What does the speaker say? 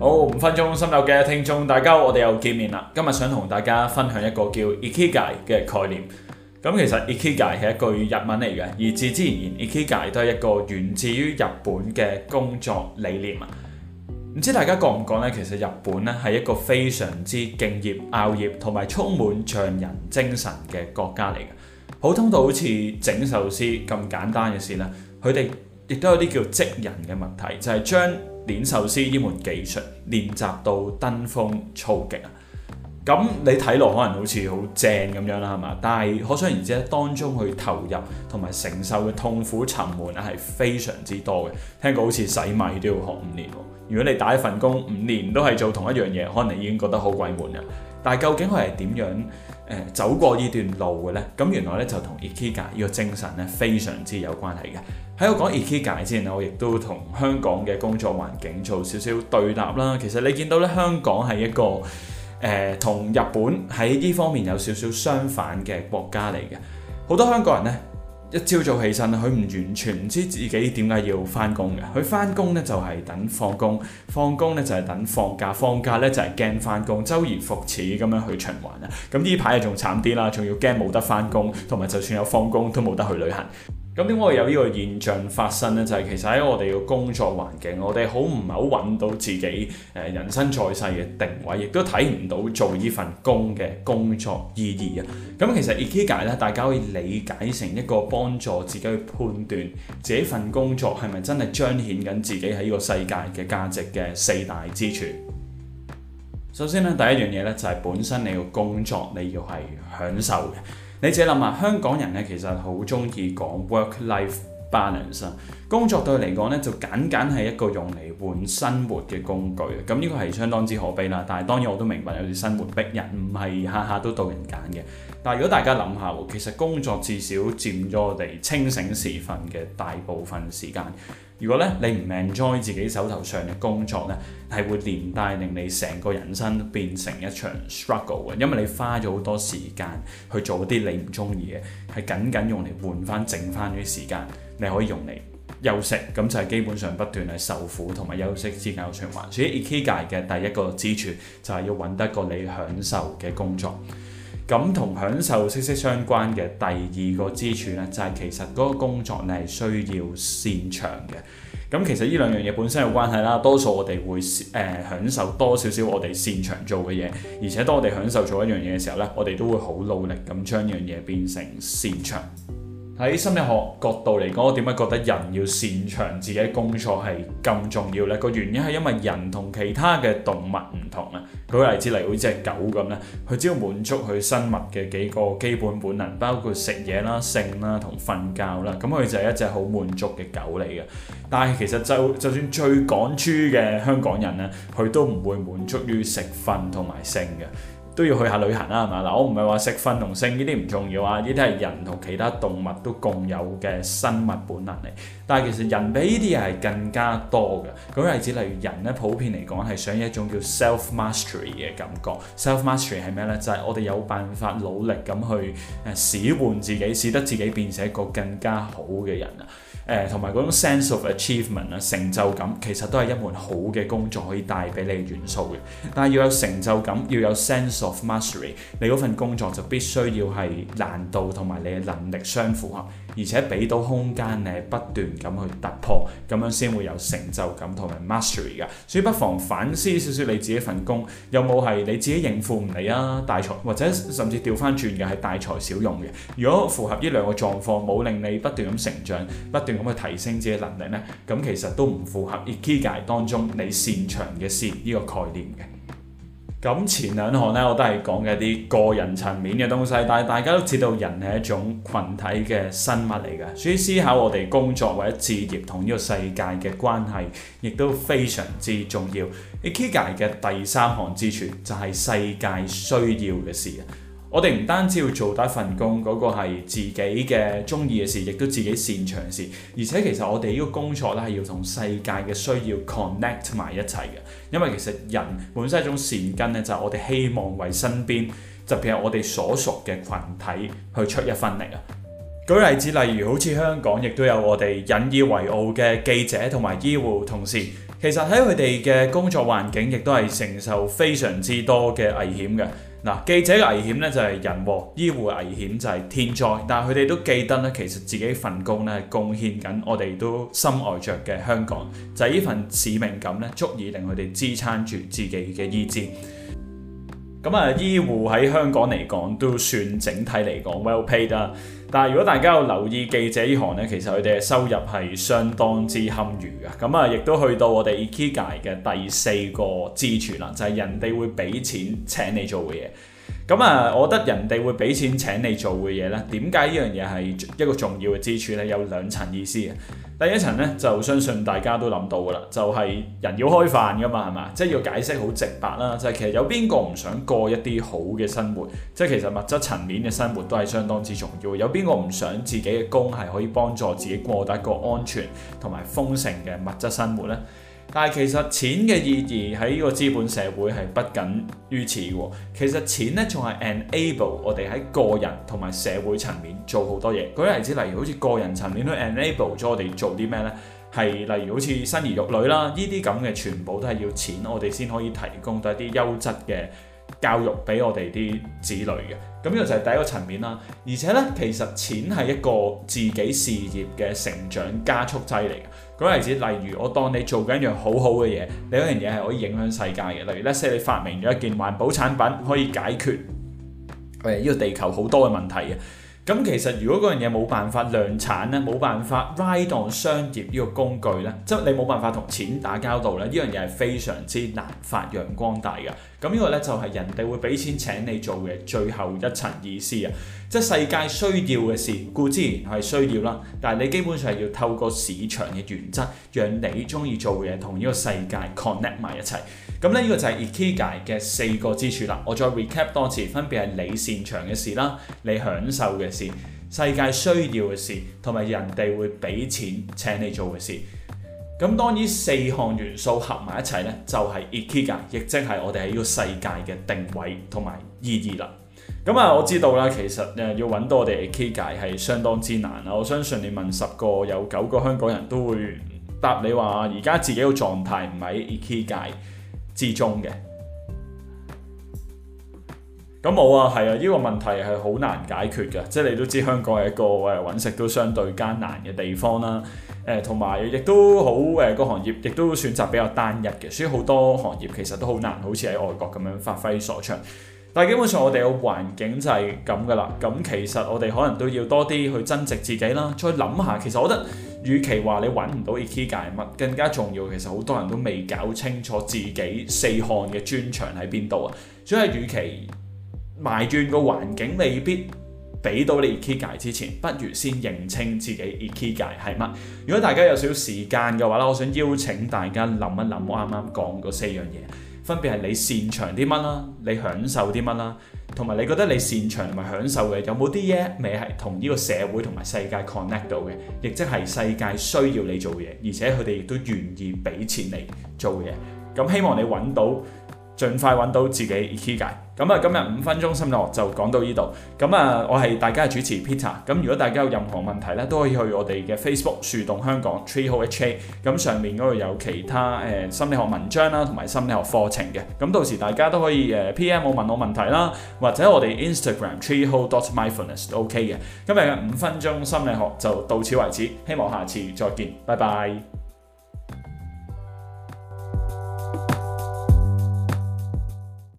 好、哦，五分鐘心流嘅聽眾，大家好。我哋又見面啦。今日想同大家分享一個叫 ikigai 嘅概念。咁其實 ikigai 係一句日文嚟嘅，而自之而然 ikigai 都係一個源自於日本嘅工作理念。唔知大家覺唔覺呢？其實日本呢係一個非常之敬業、熬業同埋充滿匠人精神嘅國家嚟嘅。普通到好似整壽司咁簡單嘅事呢，佢哋亦都有啲叫職人嘅問題，就係、是、將練壽司呢門技術練習到登峰造極啊！咁你睇落可能好似好正咁樣啦，係嘛？但係可想而知，當中去投入同埋承受嘅痛苦沉悶咧係非常之多嘅。聽過好似洗米都要學五年，如果你打一份工五年都係做同一樣嘢，可能你已經覺得好鬼悶啦。但係究竟佢係點樣誒、呃、走過呢段路嘅呢？咁原來咧就同 Ikigai 呢個精神咧非常之有關係嘅。喺我講 Ikigai 之前咧，我亦都同香港嘅工作環境做少少對答啦。其實你見到咧，香港係一個誒同、呃、日本喺呢方面有少少相反嘅國家嚟嘅，好多香港人呢。一朝早起身，佢唔完全唔知自己點解要翻工嘅。佢翻工咧就係等放工，放工咧就係等放假，放假咧就係驚翻工，周而復始咁樣去循環啦。咁呢排啊仲慘啲啦，仲要驚冇得翻工，同埋就算有放工都冇得去旅行。咁點解會有呢個現象發生呢？就係、是、其實喺我哋嘅工作環境，我哋好唔係好揾到自己誒人生在世嘅定位，亦都睇唔到做呢份工嘅工作意義啊！咁其實 ikigai 呢，大家可以理解成一個幫助自己去判斷自己份工作係咪真係彰顯緊自己喺呢個世界嘅價值嘅四大支柱。首先呢，第一樣嘢呢，就係、是、本身你嘅工作你要係享受嘅。你自己諗下，香港人咧其實好中意講 work-life balance 工作對嚟講咧，就簡簡係一個用嚟換生活嘅工具啊，咁呢個係相當之可悲啦。但係當然我都明白有啲生活逼人，唔係下下都到人揀嘅。但係如果大家諗下，其實工作至少佔咗我哋清醒時分嘅大部分時間。如果咧你唔 enjoy 自己手頭上嘅工作咧，係會連帶令你成個人生變成一場 struggle 嘅，因為你花咗好多時間去做啲你唔中意嘅，係僅僅用嚟換翻剩翻啲時間，你可以用嚟休息，咁就係基本上不斷係受苦同埋休息之間嘅循環。所以 ikigai 嘅第一個支柱就係要揾得個你享受嘅工作。咁同享受息息相關嘅第二個支柱呢，就係、是、其實嗰個工作你係需要擅長嘅。咁其實呢兩樣嘢本身有關係啦。多數我哋會誒、呃、享受多少少我哋擅長做嘅嘢，而且當我哋享受做一樣嘢嘅時候呢，我哋都會好努力咁將一樣嘢變成擅長。喺心理學角度嚟講，我點解覺得人要擅長自己工作係咁重要呢？個原因係因為人同其他嘅動物唔同啊。舉個例子嚟，好似隻狗咁咧，佢只要滿足佢生物嘅幾個基本本能，包括食嘢啦、性啦同瞓覺啦，咁佢就係一隻好滿足嘅狗嚟嘅。但係其實就就算最講豬嘅香港人咧，佢都唔會滿足於食分、瞓同埋性嘅。都要去下旅行啦，係嘛？嗱，我唔係話食分同性呢啲唔重要啊，呢啲係人同其他動物都共有嘅生物本能嚟。但係其實人比呢啲嘢係更加多嘅。舉、個、例子，例如人咧，普遍嚟講係想一種叫 self mastery 嘅感覺。self mastery 係咩咧？就係、是、我哋有辦法努力咁去誒使喚自己，使得自己變成一個更加好嘅人啊！誒同埋種 sense of achievement 啊，成就感其實都係一門好嘅工作可以帶俾你嘅元素嘅。但係要有成就感，要有 sense。o f mastery，你嗰份工作就必須要係難度同埋你嘅能力相符合，而且俾到空間你不斷咁去突破，咁樣先會有成就感同埋 mastery 噶。所以不妨反思少少你自己份工，有冇係你自己應付唔嚟啊？大才或者甚至調翻轉嘅係大材小用嘅。如果符合呢兩個狀況，冇令你不斷咁成長、不斷咁去提升自己能力呢，咁其實都唔符合 EQ 界當中你擅長嘅事呢個概念嘅。咁前兩項咧，我都係講嘅啲個人層面嘅東西，但係大家都知道人係一種群體嘅生物嚟嘅，所以思考我哋工作或者事業同呢個世界嘅關係，亦都非常之重要。Ikigai 嘅第三項之處就係世界需要嘅事啊。我哋唔單止要做到一份工，嗰個係自己嘅中意嘅事，亦都自己擅長嘅事。而且其實我哋呢個工作咧係要同世界嘅需要 connect 埋一齊嘅。因為其實人本身係一種善根咧，就係我哋希望為身邊，就譬如我哋所屬嘅群體去出一份力啊。舉例子，例如好似香港，亦都有我哋引以為傲嘅記者同埋醫護同事。其實喺佢哋嘅工作環境，亦都係承受非常之多嘅危險嘅。嗱，記者嘅危險咧就係人禍，醫護危險就係天災，但係佢哋都記得咧，其實自己份工咧係貢獻緊我哋都深愛着嘅香港，就係、是、呢份使命感咧，足以令佢哋支撐住自己嘅意志。咁、嗯、啊，醫護喺香港嚟講都算整體嚟講 well paid 啊。但係如果大家有留意記者呢行呢，其實佢哋嘅收入係相當之堪虞嘅，咁啊亦都去到我哋 ikigai 嘅第四個支柱啦，就係、是、人哋會俾錢請你做嘅嘢。咁啊、嗯，我覺得人哋會俾錢請你做嘅嘢呢，點解呢樣嘢係一個重要嘅支柱呢？有兩層意思。第一層呢，就相信大家都諗到噶啦，就係人要開飯噶嘛，係嘛？即係要解釋好直白啦，就係其實有邊個唔想過一啲好嘅生活？即係其實物質層面嘅生活都係相當之重要。有邊個唔想自己嘅工係可以幫助自己過得一個安全同埋豐盛嘅物質生活呢？但係其實錢嘅意義喺呢個資本社會係不僅於此喎。其實錢咧仲係 enable 我哋喺個人同埋社會層面做好多嘢。舉例子，例如好似個人層面都 enable 咗我哋做啲咩呢？係例如好似生兒育女啦，呢啲咁嘅全部都係要錢，我哋先可以提供到一啲優質嘅。教育俾我哋啲子女嘅，咁呢個就係第一個層面啦。而且呢，其實錢係一個自己事業嘅成長加速劑嚟嘅。舉例子，例如我當你做緊一樣好好嘅嘢，你嗰樣嘢係可以影響世界嘅。例如呢，即係你發明咗一件環保產品，可以解決誒呢個地球好多嘅問題嘅。咁其實如果嗰樣嘢冇辦法量產咧，冇辦法 ride on 商業呢個工具咧，即係你冇辦法同錢打交道咧，呢樣嘢係非常之難發揚光大嘅。咁呢個咧就係人哋會俾錢請你做嘅最後一層意思啊！即係世界需要嘅事，固之然係需要啦，但係你基本上係要透過市場嘅原則，讓你中意做嘅嘢同呢個世界 connect 埋一齊。咁呢個就係 ikigai 嘅四個之處啦。我再 recap 多次，分別係你擅長嘅事啦，你享受嘅事，世界需要嘅事，同埋人哋會俾錢請你做嘅事。咁當呢四項元素合埋一齊呢，就係 ikigai 亦即係我哋喺個世界嘅定位同埋意義啦。咁啊，我知道啦，其實誒要揾到我哋 ikigai 係相當之難啦。我相信你問十個有九個香港人都會答你話，而家自己個狀態唔係 ikigai 之中嘅，咁冇啊，係啊，呢個問題係好難解決嘅，即係你都知香港係一個誒揾食都相對艱難嘅地方啦，誒同埋亦都好誒個行業亦都選擇比較單一嘅，所以好多行業其實都好難，好似喺外國咁樣發揮所長。但基本上我哋嘅環境就係咁噶啦，咁其實我哋可能都要多啲去增值自己啦。再諗下，其實我覺得，與其話你揾唔到 EQ 界係乜，更加重要。其實好多人都未搞清楚自己四項嘅專長喺邊度啊。所以與其賣斷個環境，未必俾到你 EQ 界之前，不如先認清自己 EQ 界係乜。如果大家有少少時間嘅話啦，我想邀請大家諗一諗啱啱講嗰四樣嘢。分別係你擅長啲乜啦，你享受啲乜啦，同埋你覺得你擅長同埋享受嘅有冇啲嘢未係同呢個社會同埋世界 connect 到嘅，亦即係世界需要你做嘢，而且佢哋亦都願意俾錢你做嘢。咁希望你揾到。盡快揾到自己 ikigai。咁啊，今日五分鐘心理學就講到呢度。咁啊，我係大家嘅主持 Peter 咁，如果大家有任何問題咧，都可以去我哋嘅 Facebook 樹洞香港 Treehole HK，咁上面嗰度有其他誒心理學文章啦，同埋心理學課程嘅咁，到時大家都可以誒 PM 我問我問題啦，或者我哋 Instagram Treehole dot mindfulness 都 OK 嘅。今日嘅五分鐘心理學就到此為止，希望下次再見，拜拜。